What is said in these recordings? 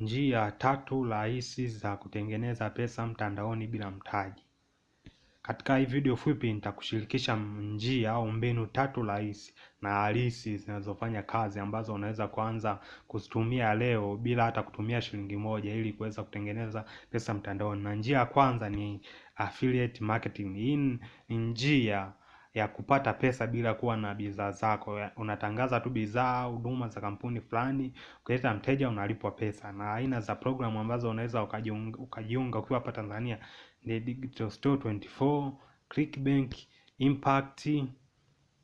Njia tatu rahisi za kutengeneza pesa mtandaoni bila mtaji. Katika hii video fupi nitakushirikisha njia au mbinu tatu rahisi na halisi zinazofanya kazi ambazo unaweza kuanza kuzitumia leo bila hata kutumia shilingi moja ili kuweza kutengeneza pesa mtandaoni. Na njia ya kwanza ni affiliate marketing. Hii ni njia ya kupata pesa bila kuwa na bidhaa zako. Unatangaza tu bidhaa, huduma za kampuni fulani, ukileta mteja unalipwa pesa. Na aina za programu ambazo unaweza ukajiunga, ukiwa hapa Tanzania ni Digital Store 24, Clickbank, Impact,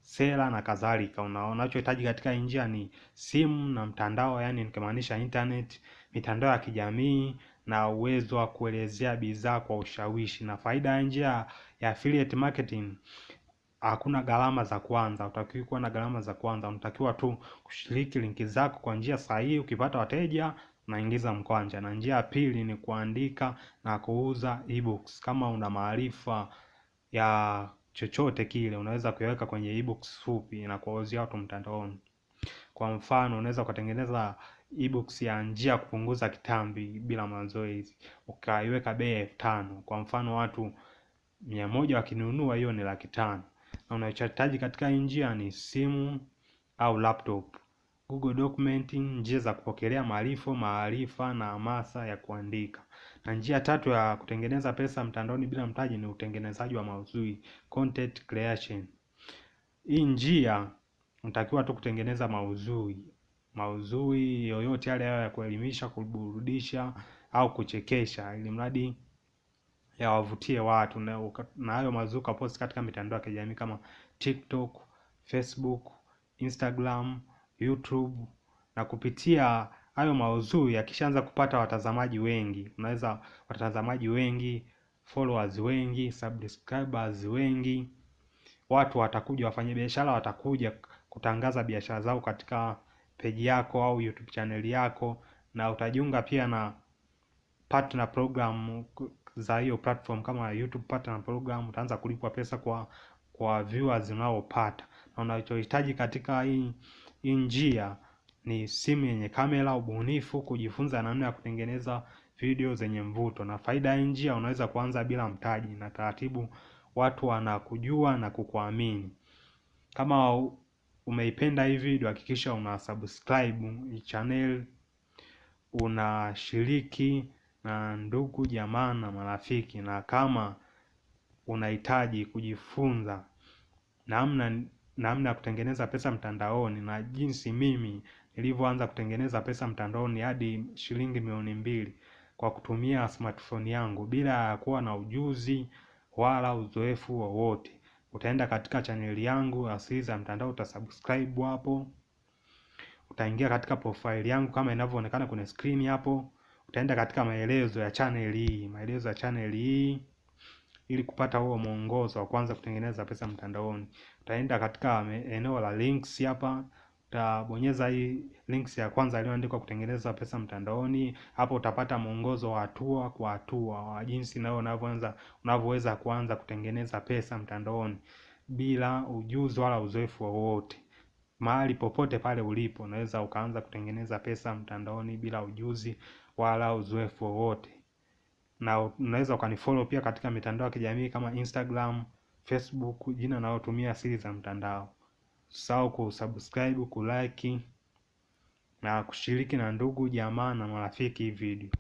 Sela na kadhalika. Unachohitaji katika njia ni simu na mtandao, yani nikimaanisha internet, mitandao ya kijamii na uwezo wa kuelezea bidhaa kwa ushawishi. Na faida ya njia ya affiliate marketing hakuna gharama za kwanza, hutakiwi kuwa na gharama za kwanza. Unatakiwa tu kushiriki linki zako kwa njia sahihi. Ukipata wateja unaingiza mkwanja, na njia ya pili ni kuandika na kuuza ebooks. Kama una maarifa ya chochote kile, unaweza kuiweka kwenye ebooks fupi na kuwauzia watu mtandaoni. Kwa mfano, unaweza ukatengeneza ebooks ya njia ya kupunguza kitambi bila mazoezi, ukaiweka bei elfu tano. Kwa mfano, watu mia moja wakinunua, hiyo ni laki tano na unachohitaji katika hii njia ni simu au laptop, Google Document, njia za kupokelea maarifo, maarifa na hamasa ya kuandika. Na njia tatu ya kutengeneza pesa mtandaoni bila mtaji ni utengenezaji wa maudhui, content creation. Hii njia unatakiwa tu kutengeneza maudhui, maudhui yoyote yale ya kuelimisha, kuburudisha au kuchekesha, ili mradi yawavutie watu na, na hayo mazuri ukaposti katika mitandao ya kijamii kama TikTok, Facebook, Instagram, YouTube na kupitia hayo maudhui yakishaanza kupata watazamaji wengi, unaweza watazamaji wengi, followers wengi, subscribers wengi, watu watakuja, biashara watakuja kutangaza biashara zao katika peji yako au YouTube channel yako, na utajiunga pia na partner program za hiyo platform kama YouTube Partner Program, utaanza kulipwa pesa kwa kwa viewers unaopata, na unachohitaji katika hii njia ni simu yenye kamera, ubunifu, kujifunza namna ya kutengeneza video zenye mvuto. Na faida ya njia, unaweza kuanza bila mtaji, na taratibu watu wanakujua na kukuamini. Kama umeipenda hii video, hakikisha una subscribe channel, unashiriki na ndugu jamaa na marafiki, na kama unahitaji kujifunza namna namna ya kutengeneza pesa mtandaoni na jinsi mimi nilivyoanza kutengeneza pesa mtandaoni hadi shilingi milioni mbili kwa kutumia smartphone yangu bila ya kuwa na ujuzi wala uzoefu wowote utaenda katika chaneli yangu Asili za Mtandao, utasubscribe hapo, utaingia katika profile yangu kama inavyoonekana kwenye screen hapo utaenda katika maelezo ya channel hii, maelezo ya channel hii ili kupata huo mwongozo wa kwanza kutengeneza pesa mtandaoni. Utaenda katika eneo la links hapa, utabonyeza hii links ya kwanza iliyoandikwa kutengeneza pesa mtandaoni. Hapo utapata mwongozo wa hatua kwa hatua wa jinsi nao unavyoanza unavyoweza kuanza kutengeneza pesa mtandaoni bila ujuzi wala uzoefu wowote mahali popote pale ulipo unaweza ukaanza kutengeneza pesa mtandaoni bila ujuzi wala uzoefu wowote, na unaweza ukanifollow pia katika mitandao ya kijamii kama Instagram, Facebook, jina nalotumia siri za mtandao. Usisahau kusubscribe, kulike na kushiriki na ndugu, jamaa na marafiki hii video.